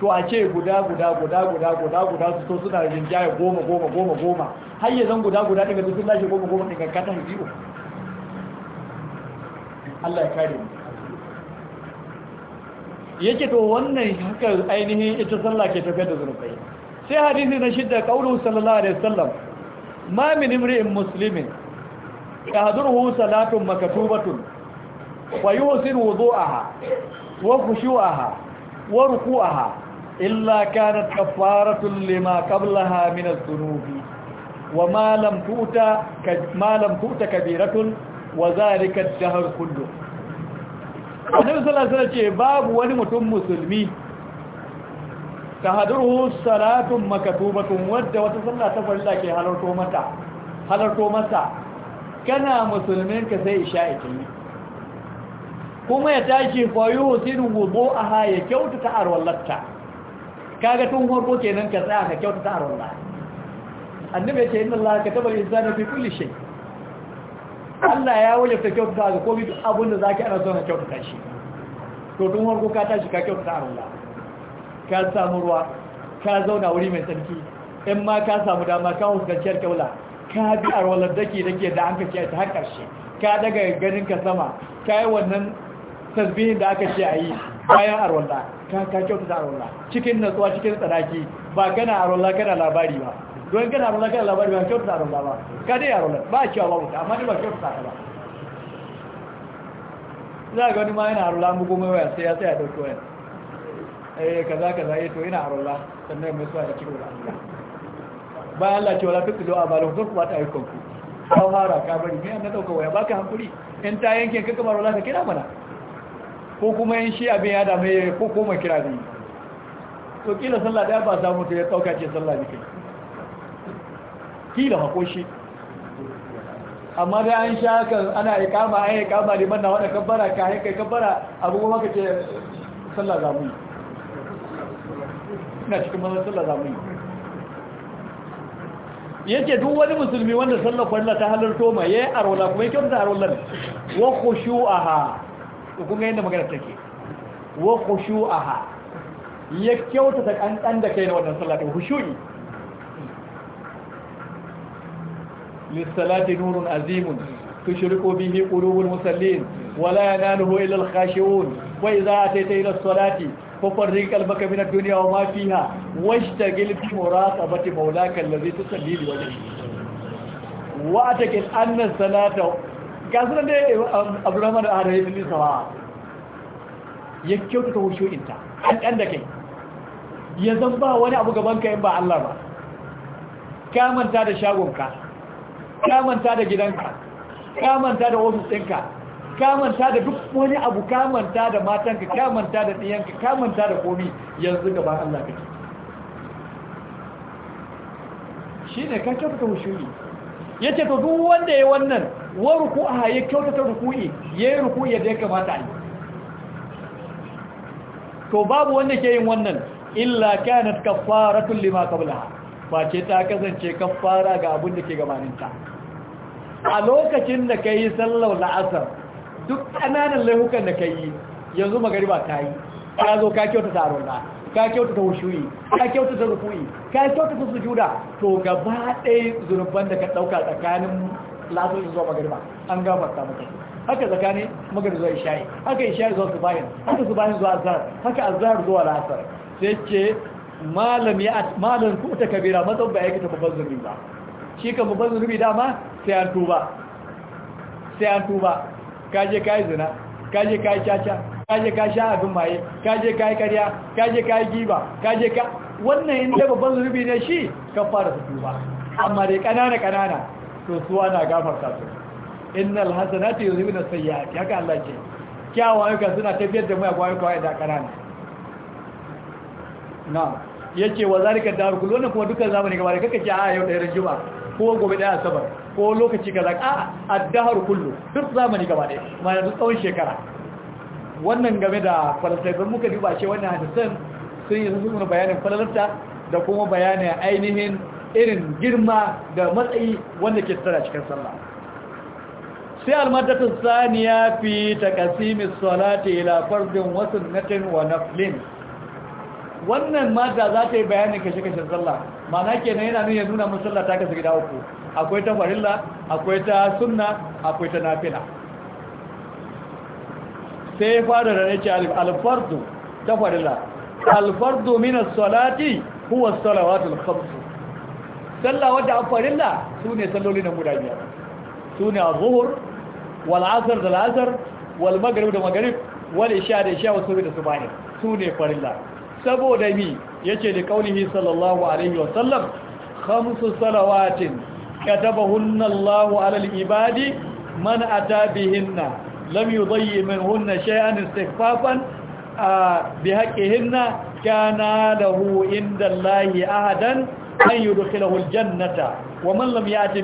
to a ce guda guda guda guda guda guda su so suna rinjaye goma goma goma goma har yanzu guda guda daga dukkan lashe goma goma daga katan biyu Allah ya kare mu yake to wannan haka ainihin ita sallah ke tafiyar da zunubai sai hadisi na shidda kaulu sallallahu alaihi wasallam ma min imri'in muslimin yahduruhu salatun maktubatun wa yuhsinu wudu'aha wa khushu'aha wa ruku'aha illa kanat kafaratun lima qablaha min adh-dhunubi wa ma lam tu'ta ma lam tu'ta kabiratun wa zalika ad-dahr kullu annabi sallallahu alaihi ce babu wani mutum musulmi tahaduru salatun makatubatun wadda wata sallah ta farilla ke halarto mata halarto mata kana musulmin ka sai ita ne kuma ya tashi fayu sinu wudu'aha ya kyautata arwallata kaga tun farko kenan ka tsaya ka kyautata arwallata annabi ya ce inna allaha katabal insana fi kulli shay' Allah ya ta kyautata ga komai duk abin da zaki ana son ka kyautata shi to tun harko ka tashi ka kyautata Allah ka samu ruwa ka zauna wuri mai tsarki in ma ka samu dama ka huskanciyar kyaula ka bi arwalar dake ke da an kace ta har karshe ka daga ganin ka sama ka yi wannan tasbihin da aka ce a yi bayan arwalla ka ka kyautata arwalla cikin natsuwa cikin tsadaki ba gana arwalla gana labari ba don gana arwalla gana labari ba kyautata arwalla ba ka dai arwalla ba a cewa babu ta amma dai ba kyautata ta ba za ga wani ma yana arwalla mu goma waya sai ya sai ya dauki waya eh kaza kaza eh to ina arwalla sannan mai suwa da kiro da Allah bayan Allah ce wala tuqilu abalu kun kuma ta ayyukan ku hawara ka bari me an ɗauka waya baka hankuri in ta yanke ka kamar wala ka kira mana ko kuma yin shi abin ya dame ya ko koma kira ne to kila sallah daya ba samu ta ya ɗauka ce sallah ne kai kila ma ko shi amma da an sha haka ana ikama an kama liman na wada kabbara ka haika kabbara abu kuma ka ce sallah za mu yi ina cikin mazan sallah za mu yi yake duk wani musulmi wanda sallah kwallon ta halar toma ya yi arola kuma ya kyauta arolar wa khushu'aha to kun yadda magana take wa khushu'aha ya kyauta ta kankan da kai na wannan sallah ta khushu'i lissalati nurun azimun tushriqu bihi qulubul musallin ولا يناله إلا الخاشعون وإذا أتيت إلى الصلاة ففرق قلبك من الدنيا وما فيها واشتغل بمراقبة مولاك الذي تصلي لوجهه وأتكل أن الصلاة ga nan dai um, abdurrahman adam ya fi sawa ya kyautata hushu'inta an ɗan da kai ya zan ba wani abu gaban ka in ba Allah ba ka manta da shagonka ka manta da gidanka ka manta da ofis ɗinka ka manta da duk wani abu ka manta da matanka ka manta da ɗiyanka ka manta da komi yanzu gaban Allah ce. shi ne ka kyautata hushu'i ya ce to duk wanda ya wannan wa ruku'a ya kyautata ruku'i ya yi ruku'i yadda ya kamata yi to babu wanda ke yin wannan illa kanat kaffaratun lima ba ce ta kasance kafara ga abin da ke gabaninta a lokacin da kai sallar la'asar duk kananan laifukan da kai yanzu magariba ta yi ka zo ka kyautata a ka kyautata wushuyi ka kyautata rukuyi ka kyautata sujuda to gaba ɗaya zunuban da ka ɗauka tsakanin lazoyin zuwa magariba an gafarta maka haka tsakanin magariba zuwa ishayi haka ishayi zuwa bayan, haka bayan zuwa azhar haka azhar zuwa lasar sai ce malam ya malam ku ta kabira matsan ba ya kita babban zunubi ba shi kan babban zunubi dama sai an tuba sai an tuba kaje kai zina kaje kai caca kaje ka sha abin maye kaje ka yi karya kaje ka yi giba kaje ka wannan inda da babban zunubi ne shi ka fara su tuba amma dai kanana kanana to suwa na gafarta su innal hasanati yuzibuna sayyi'ati haka Allah ce kyawawan ayyuka suna tafiyar da mu a kwayoyi kwayoyi da kanana na yace wa zalika daru Wannan kuma dukkan zamani gaba da kake ji a yau da yaran juma, ko gobe da asabar ko lokaci kaza a ad dahru kullu duk zamani gaba da ma duk tsawon shekara wannan game da don muka duba ce wannan hadisan sun yi sun bayanin falalarta da kuma bayanin ainihin irin girma da matsayi wanda ke tsara cikin sallah sai almadatun saniya fi takasimis salati ila fardin wa sunnatin wa naflin wannan mata za ta yi bayanin kashe-kashen sallah mana kenan yana nuna nuna mun sallah ta kasu gida uku akwai ta farilla akwai ta sunna akwai ta nafila sai ya fara da nake alfardu ta farilla alfardu min as-salati huwa as-salawatul khams sallah wadda a farilla sune salloli na guda biyar sune az-zuhr wal 'asr da al-'asr wal maghrib da maghrib wal isha da isha wa subhi da subhi sune farilla saboda mi yace da kaulihi sallallahu alaihi wa sallam khamsu salawatin katabahunna Allahu ala al-ibadi man ata bihinna lam yudayyi minhunna shay'an istighfafan bihaqqihinna kana lahu inda Allahi ahadan an yudkhilahu aljannata wa man lam ya'ti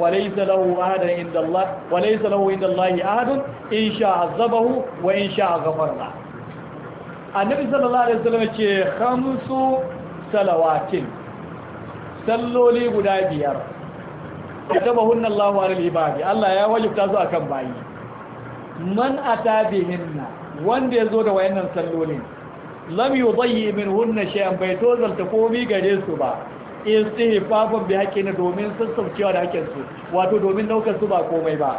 وليس له أحد عند الله وليس له عند الله أحد إن شاء عذبه وإن شاء غفر له النبي صلى الله عليه وسلم يقول خمس صلوات salloli guda biyar katabahunna Allahu alal ibadi Allah ya wajibta su akan bayi man tabi bihinna wanda ya zo da wayannan sallolin lam min minhunna shay'an bai tozalta komai gare su ba istihfafan bi haqqina domin sassaucewa da hakkin su wato domin daukar su ba komai ba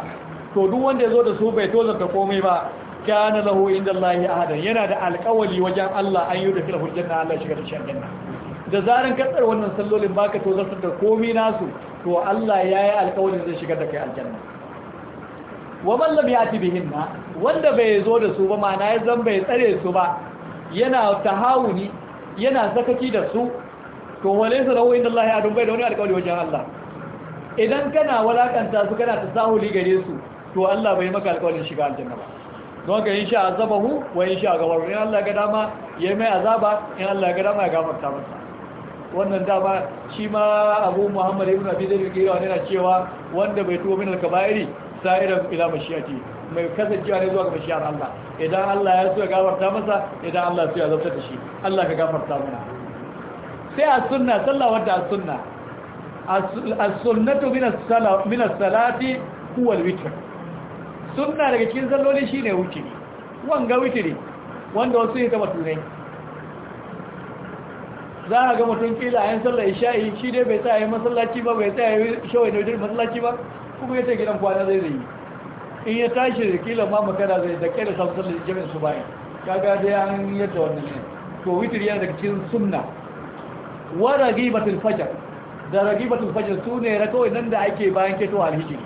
to duk wanda ya zo da su bai tozalta komai ba kana lahu inda Allah ahadan yana da alƙawali wajen Allah an yi da filafin janna Allah shiga da shan janna da zaran katsar wannan sallolin baka tozartar da komi nasu to Allah ya yi alƙawalin zai shigar da kai aljanna wa ballam ya ti bihinna wanda bai zo da su ba mana ya zan bai tsare su ba yana tahawuni yana sakaci da su to wale su rawo inda Allah ya dun bai da wani alƙawari wajen Allah idan kana walakanta su kana tasahuli gare su to Allah bai maka alƙawarin shiga aljanna ba don ka insha azabahu wa insha sha in Allah ga dama ya mai azaba in Allah ga dama ya gafarta masa wannan dama shi ma abu muhammad ibn abi zaid yana cewa wanda bai tuwo min al-kaba'iri sa'ira ila mashiyati mai kasancewa ne zuwa ga mashiyar Allah idan Allah ya so ya gafarta masa idan Allah ya so ya zafta da shi Allah ka gafarta mana sai a sunna sallah wadda a sunna as-sunnatu min as-salati huwa al-witr sunna daga cikin salloli shine witri wanga witri wanda wasu ya taba tunai za a ga mutum kila a yin sallar isha'i shi dai bai sa ya masallaci ba bai sa ya shawai da wajen masallaci ba kuma ya ce gidan kwana zai zai in ya tashi da kila ma makara zai da kera da samsar da jami'in su bayan gada dai an yadda wannan ne to witir yana daga cikin sunna wa ragibatul fajar da ragibatul fajr sune kawai nan da ake bayan keto alhiji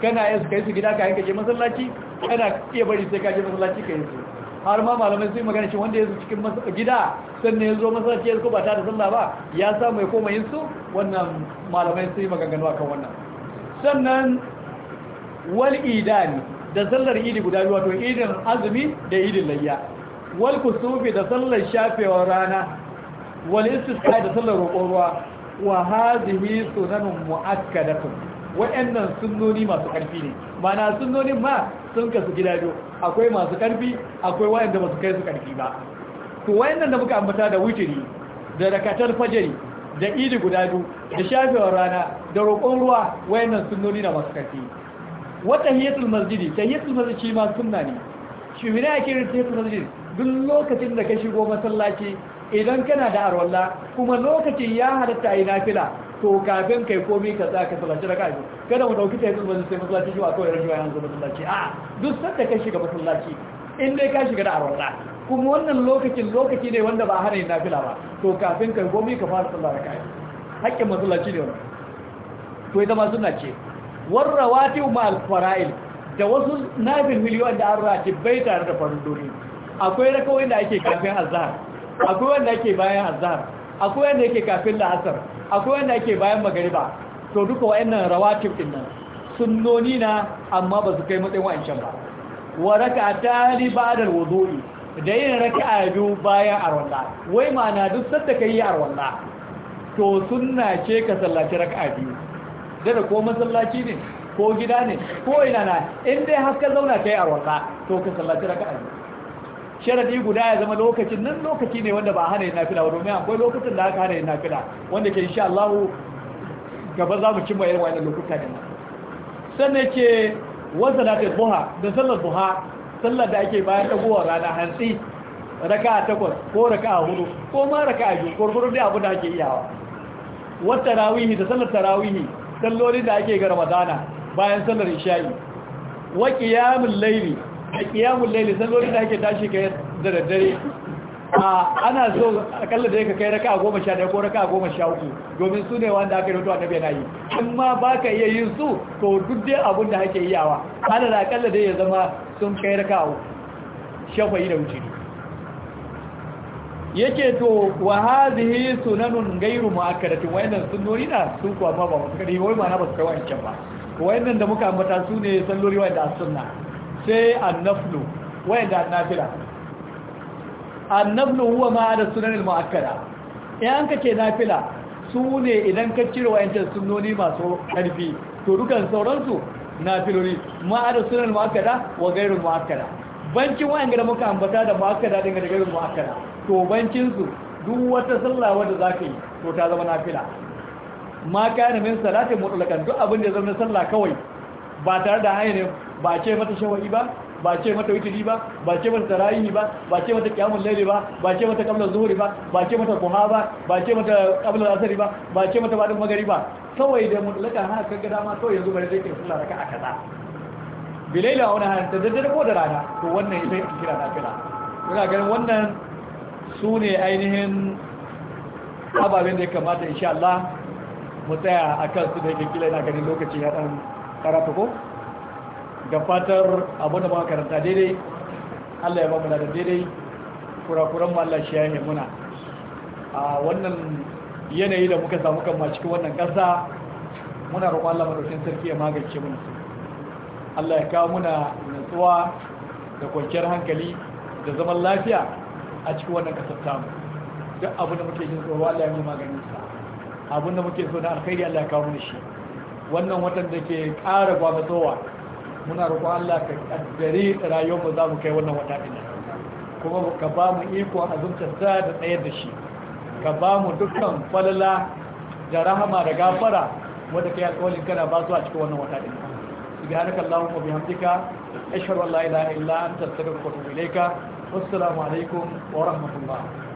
kana yin kai su gida ka yanka je masallaci kana iya bari sai ka je masallaci ka yi su har ma malamai sun magana shi wanda ya zo cikin gida sannan ya zo masallaci ya ko ba ta da sallah ba ya samu ya koma yin su wannan malamai sun yi maganganu akan wannan sannan wal idani da sallar idi guda biyu wato idin azumi da idin layya wal kusufi da sallar shafewar rana wal istisqa da sallar roƙon ruwa wa hadhihi sunanun muakkadatun wa'annan sunnoni masu karfi ne mana sunnoni ma sun kasu gida biyu akwai masu karfi akwai wa'anda ba su kai su karfi ba to wa'annan da muka ambata da wutiri da rakatar fajari, da idi guda biyu da shafewar rana da roƙon ruwa wayannan sunnoni na masu karfi wata hiyatul masjidi ta hiyatul masjidi shi ma sunna ne shi ne ake yin hiyatul masjidi duk lokacin da ka shigo masallaci idan kana da arwalla kuma lokacin ya halatta yi nafila to kafin kai komai ka tsaka ka sallaci da biyu kada mu dauki hiyatul masjidi sai masallaci shi ba kawai rashin yan zuwa masallaci a duk sanda ka shiga masallaci in dai ka shiga da arwalla kuma wannan lokacin lokaci ne wanda ba hana yin nafila ba to kafin kai komai ka fara sallar da biyu hakkin masallaci ne wannan to ita ma suna ce warrawati ma fara'il da wasu nafil miliyon da an rati bai tare da farudori akwai rakawai da ake kafin azhar akwai wanda ake bayan azhar akwai wanda yake kafin la'asar akwai wanda ake bayan magariba to duka wayannan rawatib din nan sunnoni na amma ba su kai matsayin wa'ancan ba wa raka'ata li ba'da al-wudu'i da yin raka'a biyu bayan arwanda wai ma'ana duk sadda kai arwanda to sunna ce ka sallaci raka'a biyu dare ko masallaci ne ko gida ne ko ina na in dai har ka zauna kai a waka to ka sallaci raka raka'a sharadi guda ya zama lokacin nan lokaci ne wanda ba hana yin nafila ba domin akwai lokacin da aka hana yin nafila wanda ke insha Allah gaba za mu cimma irin wannan lokuta ne sannan ke wasa da ta buha da sallar buha sallar da ake bayan dagowar rana hantsi raka takwas ko raka a hudu ko ma raka biyu gurgurun dai abu da ake iyawa wata tarawihi da sallar tarawihi sallolin da ake ga ramadana bayan sallar isha'i wa qiyamul layli a qiyamul layli sallolin da ake tashi kai da daddare a ana so akalla da ka kai raka'a goma sha ɗaya ko raka'a goma sha uku domin su ne wanda aka rutuwa annabi nayi yi in ma ba ka iya yin su to duk dai abin da ake iyawa ana da akalla da ya zama sun kai raka'a shafayi da wuce yake to wa hadhihi sunanun ghayru mu'akkadatin wayannan sunnori da su ko amma ba su kadi wai ma na ba su kai wancan ba wayannan da muka ambata su ne salloli wayanda sunna sai annaflu wayanda nafila annaflu huwa ma da sunanil mu'akkada idan kace nafila su ne idan ka cire wayancan sunnoni masu karfi to dukan sauransu nafilori ma da sunanil mu'akkada wa ghayrul mu'akkada bankin wa'anga da muka ambata da mu'akkada daga daga mu'akkada to bancinsu duk wata sallah wadda ka yi to ta zama nafila ma kana min salati mutulakan duk abin da zama sallah kawai ba tare da hanyar ba ce mata shawai ba ba ce mata witri ba ba ce mata tarayi ba ba ce mata kyamun layli ba ba ce mata qabla zuhuri ba ba ce mata duha ba ba ce mata qabla asari ba ba ce mata magari ba kawai da mutlaqan haka gada dama kawai yanzu bari zai kai sallah a kaza bilaila wani hannun da daddare ko da rana to wannan ita a kira nafila muna ganin wannan su ne ainihin ababen da ya kamata insha Allah mu tsaya a kan su da ya kila ina ganin lokaci ya ɗan karatu ko ga fatar abu da makaranta daidai Allah ya ba mu da daidai kurakuran ma Allah shi ya yi muna a wannan yanayi da muka samu kan cikin wannan ƙasa muna roƙon Allah madaukin sarki ya magance mana Allah ya kawo muna nutsuwa da kwanciyar hankali da zaman lafiya a cikin wannan kasafta mu. duk abin da muke jin tsoro Allah ya yi maganin sa abin da muke so na alkhairi Allah ya kawo mana shi wannan watan da ke ƙara gwamnatowa muna roƙon Allah ka kaddare rayuwar mu za mu kai wannan wata din kuma ka ba mu iko azumtar ta da tsayar da shi ka ba mu dukkan falala da rahama da gafara wanda kai alƙawarin kana ba su a cikin wannan wata ɗin subhanaka allahumma bihamdika ashhadu an la ilaha illa anta astaghfiruka wa atubu ilayka wassalamu alaikum wa rahmatullah